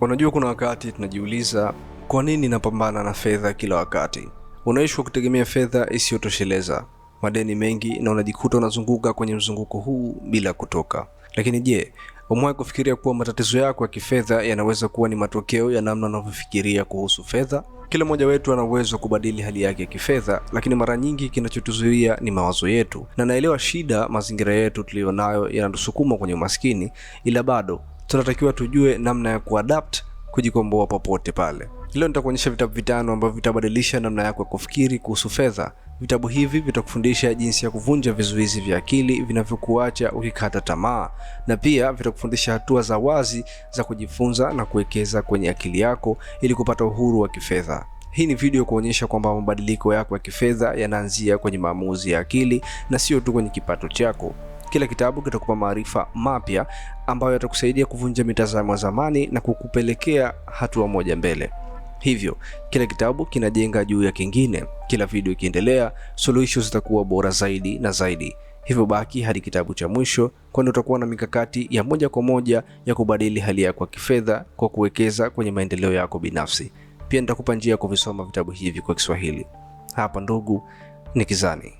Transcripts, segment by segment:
Unajua, kuna wakati tunajiuliza kwa nini napambana na fedha kila wakati. Unaishi kwa kutegemea fedha isiyotosheleza, madeni mengi, na unajikuta unazunguka kwenye mzunguko huu bila kutoka. Lakini je, umewahi kufikiria kuwa matatizo yako ya kifedha yanaweza kuwa ni matokeo ya namna unavyofikiria kuhusu fedha? Kila mmoja wetu ana uwezo wa kubadili hali yake ya kifedha, lakini mara nyingi kinachotuzuia ni mawazo yetu. Na naelewa shida, mazingira yetu tuliyonayo yanatusukuma kwenye umaskini, ila bado tunatakiwa tujue namna ya kuadapt kujikomboa popote pale. Leo nitakuonyesha vitabu vitano ambavyo vitabadilisha namna yako ya kufikiri kuhusu fedha. Vitabu hivi vitakufundisha jinsi ya kuvunja vizuizi vya akili vinavyokuacha ukikata tamaa, na pia vitakufundisha hatua za wazi za kujifunza na kuwekeza kwenye akili yako ili kupata uhuru wa kifedha. Hii ni video kuonyesha kwamba mabadiliko yako ya kifedha yanaanzia kwenye maamuzi ya akili na sio tu kwenye kipato chako. Kila kitabu kitakupa maarifa mapya ambayo yatakusaidia kuvunja mitazamo ya zamani na kukupelekea hatua moja mbele. Hivyo kila kitabu kinajenga juu ya kingine. Kila video ikiendelea, suluhisho zitakuwa bora zaidi na zaidi. Hivyo baki hadi kitabu cha mwisho, kwani utakuwa na mikakati ya moja kwa moja ya kubadili hali yako ya kifedha kwa kuwekeza kwenye maendeleo yako binafsi. Pia nitakupa njia ya kuvisoma vitabu hivi kwa Kiswahili. Hapa ndugu, ni Kizani.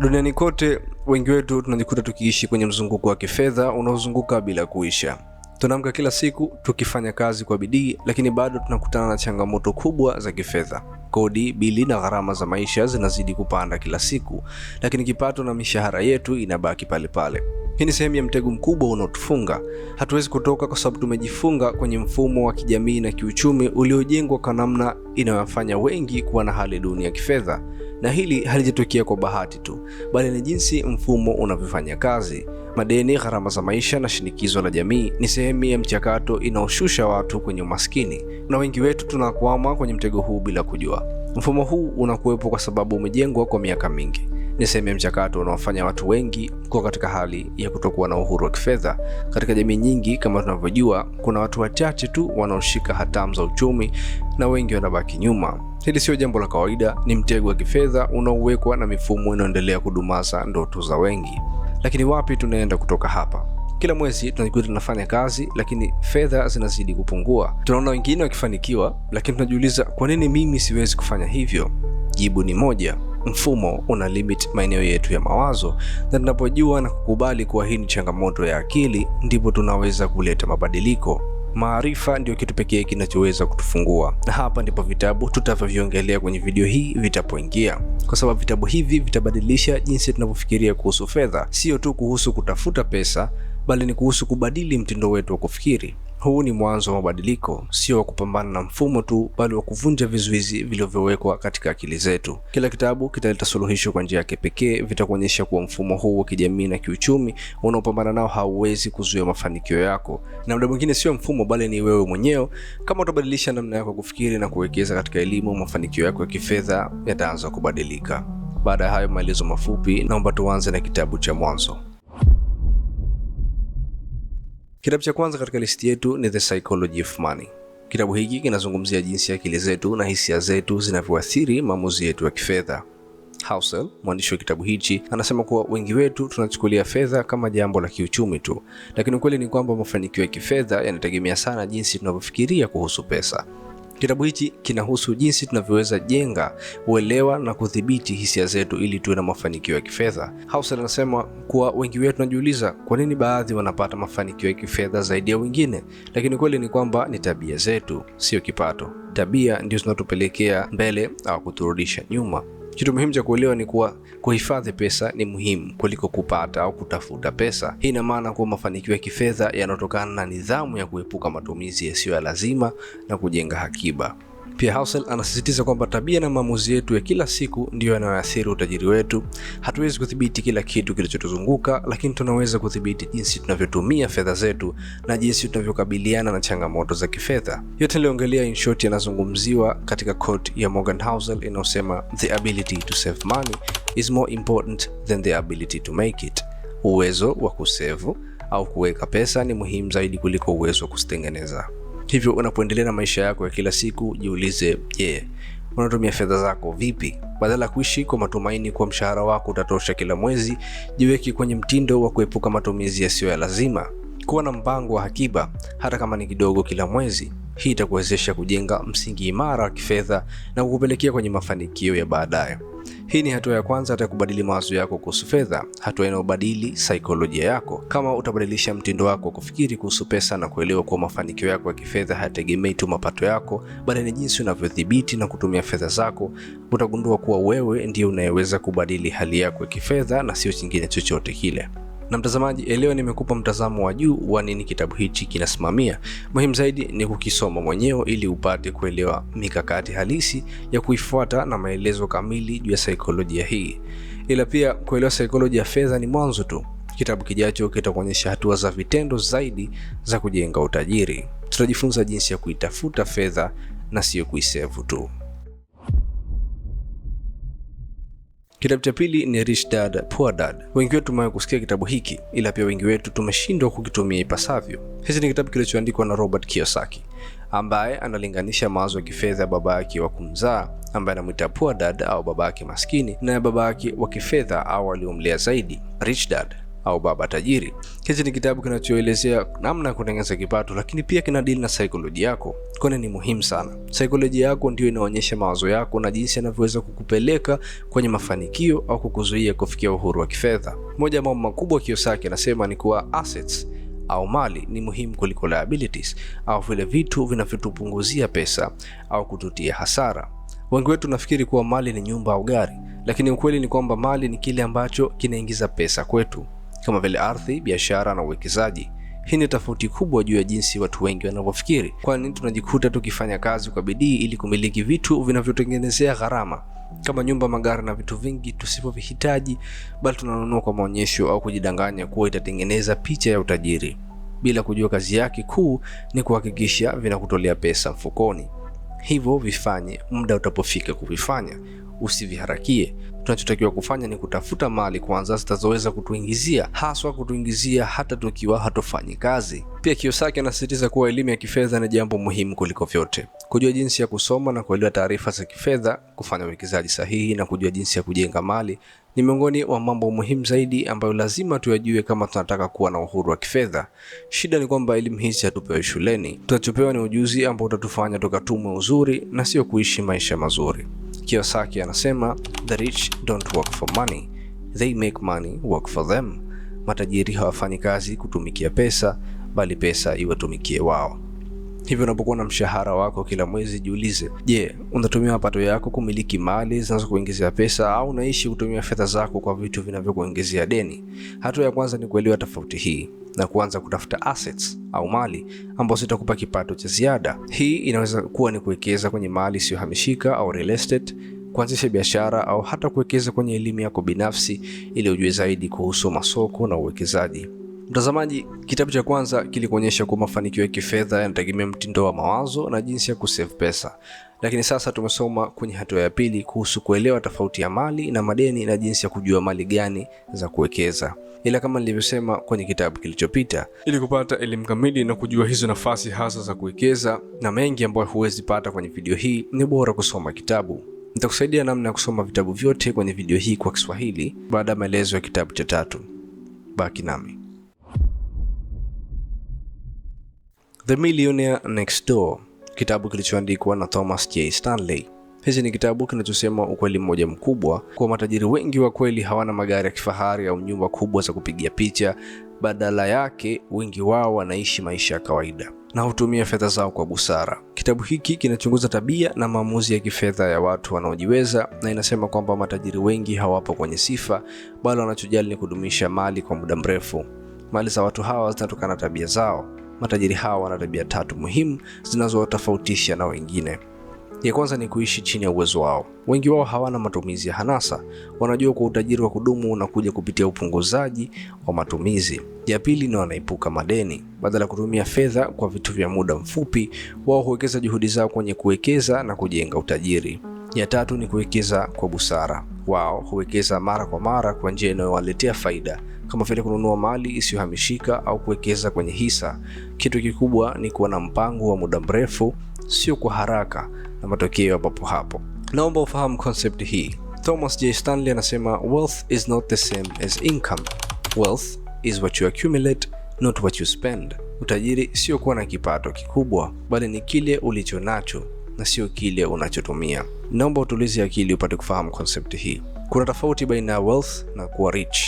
Duniani kote wengi wetu tunajikuta tukiishi kwenye mzunguko wa kifedha unaozunguka bila kuisha. Tunaamka kila siku tukifanya kazi kwa bidii, lakini bado tunakutana na changamoto kubwa za kifedha. Kodi, bili na gharama za maisha zinazidi kupanda kila siku, lakini kipato na mishahara yetu inabaki pale pale. Hii ni sehemu ya mtego mkubwa unaotufunga. Hatuwezi kutoka kwa sababu tumejifunga kwenye mfumo wa kijamii na kiuchumi uliojengwa kwa namna inayofanya wengi kuwa na hali duni ya kifedha na hili halijatokea kwa bahati tu, bali ni jinsi mfumo unavyofanya kazi. Madeni, gharama za maisha na shinikizo la jamii ni sehemu ya mchakato inaoshusha watu kwenye umaskini, na wengi wetu tunakwama kwenye mtego huu bila kujua. Mfumo huu unakuwepo kwa sababu umejengwa kwa miaka mingi ni sehemu ya mchakato unaofanya watu wengi kuwa katika hali ya kutokuwa na uhuru wa kifedha. Katika jamii nyingi, kama tunavyojua, kuna watu wachache tu wanaoshika hatamu za uchumi na wengi wanabaki nyuma. Hili sio jambo la kawaida, ni mtego wa kifedha unaowekwa na mifumo inayoendelea kudumaza ndoto za wengi. Lakini wapi tunaenda kutoka hapa? Kila mwezi tunajikuta tunafanya kazi, lakini fedha zinazidi kupungua. Tunaona wengine wakifanikiwa, lakini tunajiuliza, kwa nini mimi siwezi kufanya hivyo? Jibu ni moja mfumo una limit maeneo yetu ya mawazo, na tunapojua na kukubali kuwa hii ni changamoto ya akili, ndipo tunaweza kuleta mabadiliko. Maarifa ndio kitu pekee kinachoweza kutufungua, na hapa ndipo vitabu tutavyoviongelea kwenye video hii vitapoingia, kwa sababu vitabu hivi vitabadilisha jinsi tunavyofikiria kuhusu fedha, sio tu kuhusu kutafuta pesa, bali ni kuhusu kubadili mtindo wetu wa kufikiri. Huu ni mwanzo wa mabadiliko, sio wa kupambana na mfumo tu, bali wa kuvunja vizuizi vilivyowekwa katika akili zetu. Kila kitabu kitaleta suluhisho kwa njia yake pekee, vitakuonyesha kuwa mfumo huu wa kijamii na kiuchumi unaopambana nao hauwezi kuzuia mafanikio yako, na muda mwingine sio mfumo, bali ni wewe mwenyewe. Kama utabadilisha namna yako ya kufikiri na kuwekeza katika elimu, mafanikio yako ya kifedha yataanza kubadilika. Baada ya hayo maelezo mafupi, naomba tuanze na kitabu cha Mwanzo. Kitabu cha kwanza katika listi yetu ni The Psychology of Money. Kitabu hiki kinazungumzia jinsi akili zetu na hisia zetu zinavyoathiri maamuzi yetu ya kifedha. Housel, mwandishi wa kitabu hichi, anasema kuwa wengi wetu tunachukulia fedha kama jambo la kiuchumi tu, lakini ukweli ni kwamba mafanikio ya kifedha yanategemea sana jinsi tunavyofikiria kuhusu pesa. Kitabu hichi kinahusu jinsi tunavyoweza jenga uelewa na kudhibiti hisia zetu ili tuwe na mafanikio ya kifedha. Hauser anasema kuwa wengi wetu tunajiuliza kwa nini baadhi wanapata mafanikio ya kifedha zaidi ya wengine, lakini kweli ni kwamba ni tabia zetu, sio kipato. Tabia ndio zinatupelekea mbele au kuturudisha nyuma. Kitu muhimu cha kuelewa ni kuwa kuhifadhi pesa ni muhimu kuliko kupata au kutafuta pesa. Hii ina maana kuwa mafanikio ya kifedha yanatokana na nidhamu ya kuepuka matumizi yasiyo ya lazima na kujenga akiba. Pia Housel anasisitiza kwamba tabia na maamuzi yetu ya kila siku ndiyo yanayoathiri utajiri wetu. Hatuwezi kudhibiti kila kitu kilichotuzunguka, lakini tunaweza kudhibiti jinsi tunavyotumia fedha zetu na jinsi tunavyokabiliana na changamoto za kifedha. Yote niliongelea in short yanazungumziwa katika quote ya Morgan Housel inayosema the ability to save money is more important than the ability to make it. Uwezo wa kusevu au kuweka pesa ni muhimu zaidi kuliko uwezo wa kuzitengeneza. Hivyo unapoendelea na maisha yako ya kila siku, jiulize, je, yeah, unatumia fedha zako vipi? Badala ya kuishi kwa matumaini kuwa mshahara wako utatosha kila mwezi, jiweke kwenye mtindo wa kuepuka matumizi yasiyo ya lazima. Kuwa na mpango wa akiba, hata kama ni kidogo kila mwezi. Hii itakuwezesha kujenga msingi imara wa kifedha na kukupelekea kwenye mafanikio ya baadaye. Hii ni hatua ya kwanza ya kubadili mawazo yako kuhusu fedha, hatua inayobadili saikolojia yako. Kama utabadilisha mtindo wako wa kufikiri kuhusu pesa na kuelewa kuwa mafanikio yako ya kifedha hayategemei tu mapato yako, bali ni jinsi unavyodhibiti na kutumia fedha zako, utagundua kuwa wewe ndiye unayeweza kubadili hali yako ya kifedha na sio chingine chochote kile. Na mtazamaji, eh, leo nimekupa mtazamo wa juu wa nini kitabu hichi kinasimamia. Muhimu zaidi ni kukisoma mwenyewe ili upate kuelewa mikakati halisi ya kuifuata na maelezo kamili juu ya saikolojia hii. Ila pia kuelewa saikolojia ya fedha ni mwanzo tu. Kitabu kijacho kitakuonyesha hatua za vitendo zaidi za kujenga utajiri. Tutajifunza jinsi ya kuitafuta fedha na sio kuisevu tu. Kitabu cha pili ni Rich Dad Poor Dad. Wengi wetu tumewahi kusikia kitabu hiki, ila pia wengi wetu tumeshindwa kukitumia ipasavyo. Hichi ni kitabu kilichoandikwa na Robert Kiyosaki ambaye analinganisha mawazo ya kifedha ya baba yake wa kumzaa ambaye anamwita Poor Dad au baba yake maskini na ya baba yake wa kifedha au aliyomlea zaidi Rich Dad au baba tajiri. Hichi ni kitabu kinachoelezea namna ya kutengeneza kipato, lakini pia kina deal na saikolojia yako, kwani ni muhimu sana. Saikolojia yako ndio inaonyesha mawazo yako na jinsi yanavyoweza kukupeleka kwenye mafanikio au kukuzuia kufikia uhuru wa kifedha. Moja ya mambo makubwa Kiyosaki anasema ni kuwa assets au mali ni muhimu kuliko liabilities au vile vitu vinavyotupunguzia pesa au kututia hasara. Wengi wetu nafikiri kuwa mali ni nyumba au gari, lakini ukweli ni kwamba mali ni kile ambacho kinaingiza pesa kwetu kama vile ardhi, biashara na uwekezaji. Hii ni tofauti kubwa juu ya jinsi watu wengi wanavyofikiri, kwani tunajikuta tukifanya kazi kwa bidii ili kumiliki vitu vinavyotengenezea gharama kama nyumba, magari na vitu vingi tusipovihitaji, bali tunanunua kwa maonyesho au kujidanganya kuwa itatengeneza picha ya utajiri, bila kujua kazi yake kuu ni kuhakikisha vinakutolea pesa mfukoni. Hivyo vifanye muda utapofika kuvifanya, usiviharakie tunachotakiwa kufanya ni kutafuta mali kwanza zitazoweza kutuingizia, haswa kutuingizia hata tukiwa hatufanyi kazi. Pia Kiyosaki anasisitiza kuwa elimu ya kifedha ni jambo muhimu kuliko vyote. Kujua jinsi ya kusoma na kuelewa taarifa za kifedha, kufanya uwekezaji sahihi na kujua jinsi ya kujenga mali ni miongoni mwa mambo muhimu zaidi ambayo lazima tuyajue kama tunataka kuwa na uhuru wa kifedha. Shida ni kwamba elimu hizi hatupewi shuleni. Tunachopewa ni ujuzi ambao utatufanya tukatumwe uzuri na sio kuishi maisha mazuri. Kiyosaki anasema the rich don't work for money, they make money work for them. Matajiri hawafanyi kazi kutumikia pesa, bali pesa iwatumikie wao. Hivyo unapokuwa na mshahara wako kila mwezi, jiulize, je, unatumia mapato yako kumiliki mali zinazokuingizia pesa au unaishi kutumia fedha zako kwa vitu vinavyokuingizia deni? Hatua ya kwanza ni kuelewa tofauti hii na kuanza kutafuta assets au mali ambazo zitakupa kipato cha ziada. Hii inaweza kuwa ni kuwekeza kwenye mali isiyohamishika au real estate, kuanzisha biashara au hata kuwekeza kwenye elimu yako binafsi ili ujue zaidi kuhusu masoko na uwekezaji. Mtazamaji, kitabu cha kwanza kilikuonyesha kuwa mafanikio ya kifedha yanategemea mtindo wa mawazo na jinsi ya kusave pesa, lakini sasa tumesoma kwenye hatua ya pili kuhusu kuelewa tofauti ya mali na madeni na jinsi ya kujua mali gani za kuwekeza. Ila kama nilivyosema kwenye kitabu kilichopita, ili kupata elimu kamili na kujua hizo nafasi hasa za kuwekeza na mengi ambayo huwezi pata kwenye video hii, ni bora kusoma kitabu. Nitakusaidia namna ya kusoma vitabu vyote kwenye video hii kwa Kiswahili baada ya maelezo ya kitabu cha tatu. Baki nami. The Millionaire Next Door, kitabu kilichoandikwa na Thomas J. Stanley. Hizi ni kitabu kinachosema ukweli mmoja mkubwa kuwa matajiri wengi wa kweli hawana magari ya kifahari au nyumba kubwa za kupigia picha. Badala yake, wengi wao wanaishi maisha ya kawaida na hutumia fedha zao kwa busara. Kitabu hiki kinachunguza tabia na maamuzi ya kifedha ya watu wanaojiweza na inasema kwamba matajiri wengi hawapo kwenye sifa, bali wanachojali ni kudumisha mali kwa muda mrefu. Mali za watu hawa zinatokana na tabia zao. Matajiri hawa wana tabia tatu muhimu zinazowatofautisha na wengine. Ya kwanza ni kuishi chini ya uwezo wao. Wengi wao hawana matumizi ya hanasa, wanajua kuwa utajiri wa kudumu unakuja kupitia upunguzaji wa matumizi. Ya pili ni wanaepuka madeni. Badala ya kutumia fedha kwa vitu vya muda mfupi, wao huwekeza juhudi zao kwenye kuwekeza na kujenga utajiri. Ya tatu ni kuwekeza kwa busara wao huwekeza mara kwa mara kwa njia inayowaletea faida kama vile kununua mali isiyohamishika au kuwekeza kwenye hisa. Kitu kikubwa ni kuwa na mpango wa muda mrefu, sio kwa haraka na matokeo ya papo hapo. Naomba ufahamu konsepti hii. Thomas J Stanley anasema wealth is not the same as income. Wealth is what you accumulate, not what you spend. Utajiri sio kuwa na kipato kikubwa, bali ni kile ulicho nacho na sio kile unachotumia. Naomba utulize akili upate kufahamu konsepti hii. Kuna tofauti baina ya wealth na kuwa rich.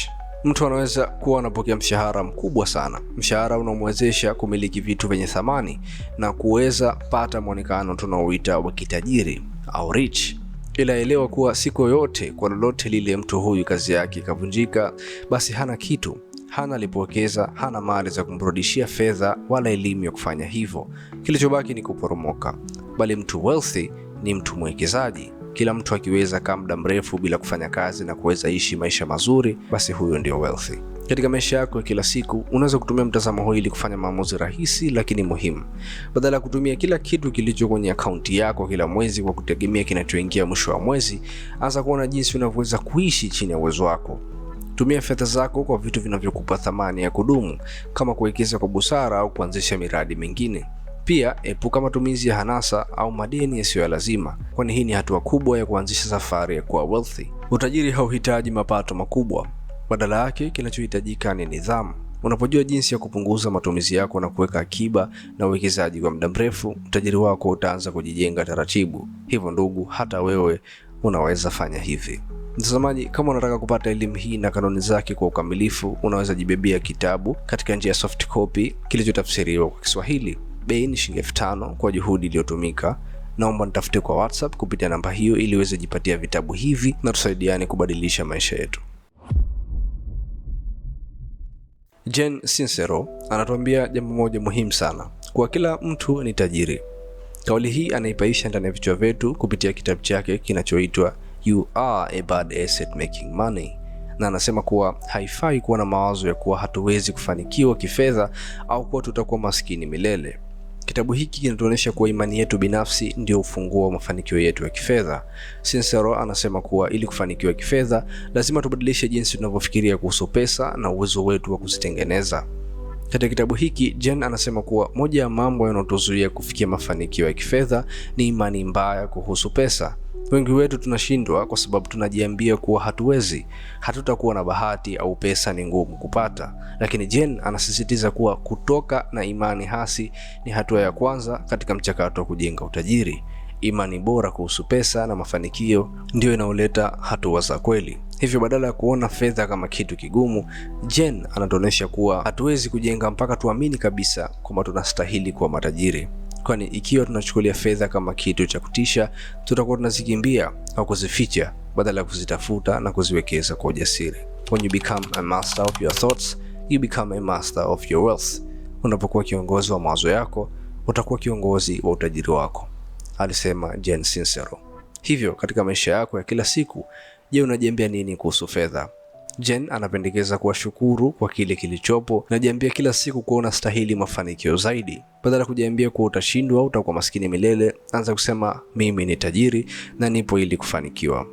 Mtu anaweza kuwa anapokea mshahara mkubwa sana, mshahara unamwezesha kumiliki vitu vyenye thamani na kuweza pata mwonekano tunaoita wa kitajiri au rich. Ila elewa kuwa siku yoyote, kwa lolote lile, mtu huyu kazi yake ikavunjika, basi hana kitu, hana alipowekeza, hana mali za kumrudishia fedha wala elimu ya kufanya hivyo. Kilichobaki ni kuporomoka bali mtu wealthy ni mtu mwekezaji. Kila mtu akiweza kaa muda mrefu bila kufanya kazi na kuweza ishi maisha mazuri, basi huyo ndio wealthy. Katika maisha yako ya kila siku unaweza kutumia mtazamo huu ili kufanya maamuzi rahisi lakini muhimu. Badala ya kutumia kila kitu kilicho kwenye akaunti yako kila mwezi kwa kutegemea kinachoingia mwisho wa mwezi, anza kuona jinsi unavyoweza kuishi chini ya uwezo wako. Tumia fedha zako kwa vitu vinavyokupa thamani ya kudumu kama kuwekeza kwa busara au kuanzisha miradi mingine. Pia epuka matumizi ya hanasa au madeni yasiyo ya lazima, kwani hii ni hatua kubwa ya kuanzisha safari ya kuwa wealthy. Utajiri hauhitaji mapato makubwa, badala yake kinachohitajika ni nidhamu. Unapojua jinsi ya kupunguza matumizi yako na kuweka akiba na uwekezaji kwa muda mrefu, utajiri wako utaanza kujijenga taratibu. Hivyo ndugu, hata wewe unaweza fanya hivi. Mtazamaji, kama unataka kupata elimu hii na kanuni zake kwa ukamilifu, unaweza jibebia kitabu katika njia ya soft copy kilichotafsiriwa kwa Kiswahili bei ni shilingi elfu tano kwa juhudi iliyotumika. Naomba nitafute kwa WhatsApp kupitia namba hiyo ili uweze jipatia vitabu hivi na tusaidiane kubadilisha maisha yetu. Jen Sincero anatuambia jambo moja muhimu sana, kwa kila mtu ni tajiri. Kauli hii anaipaisha ndani ya vichwa vyetu kupitia kitabu chake kinachoitwa You Are a Bad Asset Making Money, na anasema kuwa haifai kuwa na mawazo ya kuwa hatuwezi kufanikiwa kifedha au kuwa tutakuwa maskini milele. Kitabu hiki kinatuonyesha kuwa imani yetu binafsi ndio ufunguo wa mafanikio yetu ya kifedha. Sincero anasema kuwa ili kufanikiwa kifedha, lazima tubadilishe jinsi tunavyofikiria kuhusu pesa na uwezo wetu wa kuzitengeneza. Katika kitabu hiki Jen anasema kuwa moja ya mambo yanayotuzuia kufikia mafanikio ya kifedha ni imani mbaya kuhusu pesa. Wengi wetu tunashindwa kwa sababu tunajiambia kuwa hatuwezi, hatutakuwa na bahati au pesa ni ngumu kupata. Lakini Jen anasisitiza kuwa kutoka na imani hasi ni hatua ya kwanza katika mchakato wa kujenga utajiri. Imani bora kuhusu pesa na mafanikio ndio inaoleta hatua za kweli. Hivyo badala ya kuona fedha kama kitu kigumu, Jen anatuonyesha kuwa hatuwezi kujenga mpaka tuamini kabisa kwamba tunastahili kuwa matajiri kwani ikiwa tunachukulia fedha kama kitu cha kutisha, tutakuwa tunazikimbia au kuzificha badala ya kuzitafuta na kuziwekeza kwa ujasiri. When you become a master of your thoughts, you become a master of your wealth. Unapokuwa kiongozi wa mawazo yako, utakuwa kiongozi wa utajiri wako, alisema Jen Sincero. Hivyo katika maisha yako ya kila siku, je, unajiambia nini kuhusu fedha? Jen anapendekeza kuwashukuru kwa kile kilichopo na kila siku kuwa unastahili mafanikio zaidi, badala ya kujiambia kuwa utashindwa au utakuwa maskini milele. Anza kusema mimi ni tajiri na nipo ili kufanikiwa.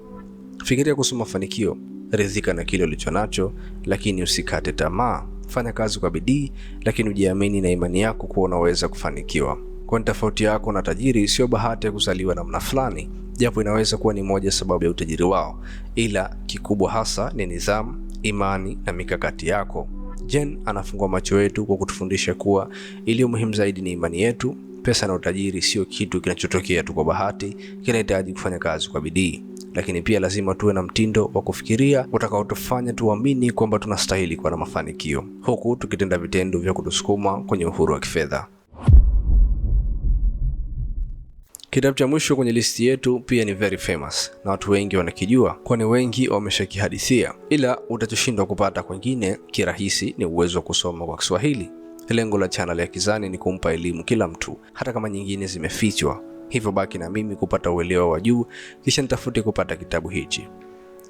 Fikiria kuhusu mafanikio, ridhika na kile ulicho nacho, lakini usikate tamaa. Fanya kazi kwa bidii, lakini ujiamini na imani yako kuwa unaweza kufanikiwa, kwani tofauti yako na tajiri sio bahati ya kuzaliwa namna fulani, japo inaweza kuwa ni moja sababu ya utajiri wao, ila kikubwa hasa ni nidhamu, imani na mikakati yako. Jen anafungua macho yetu kwa kutufundisha kuwa iliyo muhimu zaidi ni imani yetu. Pesa na utajiri sio kitu kinachotokea tu kwa bahati, kinahitaji kufanya kazi kwa bidii, lakini pia lazima tuwe na mtindo wa kufikiria utakaotufanya tuamini kwamba tunastahili kuwa na mafanikio, huku tukitenda vitendo vya kutusukuma kwenye uhuru wa kifedha. Kitabu cha mwisho kwenye listi yetu pia ni very famous na watu wengi wanakijua, kwani wengi wameshakihadithia, ila utachoshindwa kupata kwengine kirahisi ni uwezo wa kusoma kwa Kiswahili. Lengo la channel ya Kizani ni kumpa elimu kila mtu, hata kama nyingine zimefichwa. Hivyo baki na mimi kupata uelewa wa juu, kisha nitafute kupata kitabu hichi.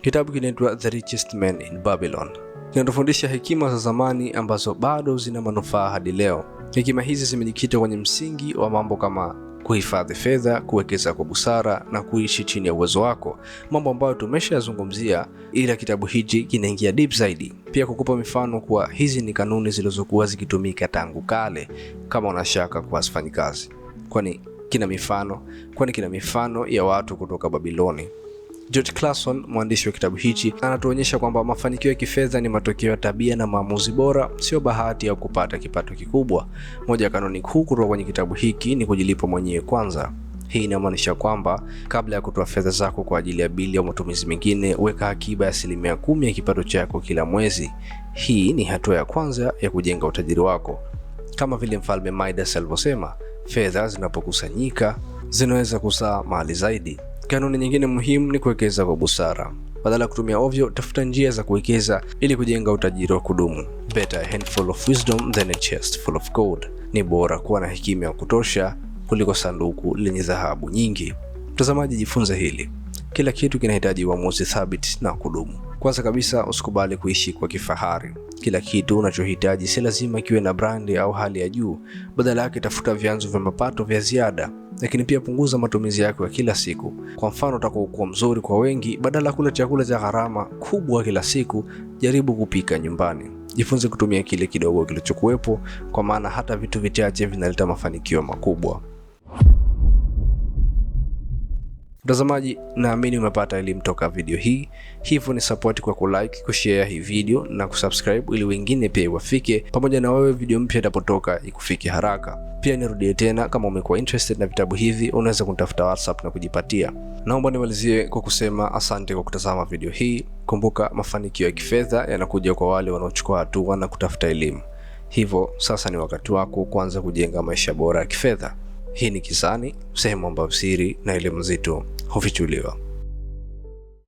Kitabu kinaitwa The Richest Man in Babylon, kinatufundisha hekima za zamani ambazo bado zina manufaa hadi leo. Hekima hizi zimejikita kwenye msingi wa mambo kama kuhifadhi fedha, kuwekeza kwa busara na kuishi chini ya uwezo wako, mambo ambayo tumeshayazungumzia, ila kitabu hichi kinaingia deep zaidi, pia kukupa mifano kuwa hizi ni kanuni zilizokuwa zikitumika tangu kale, kama unashaka kwa wafanyikazi, kwani kina mifano kwani kina mifano ya watu kutoka Babiloni. George Clason, mwandishi wa kitabu hichi, anatuonyesha kwamba mafanikio ya kifedha ni matokeo ya tabia na maamuzi bora, sio bahati ya kupata kipato kikubwa. Moja ya kanuni kuu kutoka kwenye kitabu hiki ni kujilipa mwenyewe kwanza. Hii inamaanisha kwamba kabla ya kutoa fedha zako kwa ajili ya bili au matumizi mengine, weka akiba ya asilimia kumi ya kipato chako kila mwezi. Hii ni hatua ya kwanza ya kujenga utajiri wako. Kama vile Mfalme Midas alivyosema, fedha zinapokusanyika zinaweza kuzaa mali zaidi. Kanuni nyingine muhimu ni kuwekeza kwa busara. Badala ya kutumia ovyo, tafuta njia za kuwekeza ili kujenga utajiri wa kudumu. Better a handful of wisdom than a chest full of gold, ni bora kuwa na hekima ya kutosha kuliko sanduku lenye dhahabu nyingi. Mtazamaji, jifunze hili: kila kitu kinahitaji uamuzi thabiti na kudumu. Kwanza kabisa, usikubali kuishi kwa kifahari. Kila kitu unachohitaji si lazima kiwe na brandi au hali ya juu. Badala yake, tafuta vyanzo vya mapato vya ziada lakini pia punguza matumizi yako ya kila siku. Kwa mfano, utakuwa mzuri kwa wengi, badala ya kula chakula cha gharama kubwa kila siku, jaribu kupika nyumbani. Jifunze kutumia kile kidogo kilichokuwepo, kwa maana hata vitu vichache vinaleta mafanikio makubwa. Mtazamaji, naamini umepata elimu toka video hii, hivyo ni support kwa kulike, kushare hii video na kusubscribe ili wengine pia iwafike, pamoja na wewe video mpya itapotoka ikufike haraka. Pia nirudie tena, kama umekuwa interested na vitabu hivi unaweza kunitafuta WhatsApp na kujipatia. Naomba nimalizie kwa kusema asante kwa kutazama video hii. Kumbuka, mafanikio ya kifedha yanakuja kwa wale wanaochukua hatua na kutafuta elimu. Hivyo sasa ni wakati wako kuanza kujenga maisha bora ya kifedha. Hii ni Kisani, sehemu ambayo siri na elimu nzito hufichuliwa.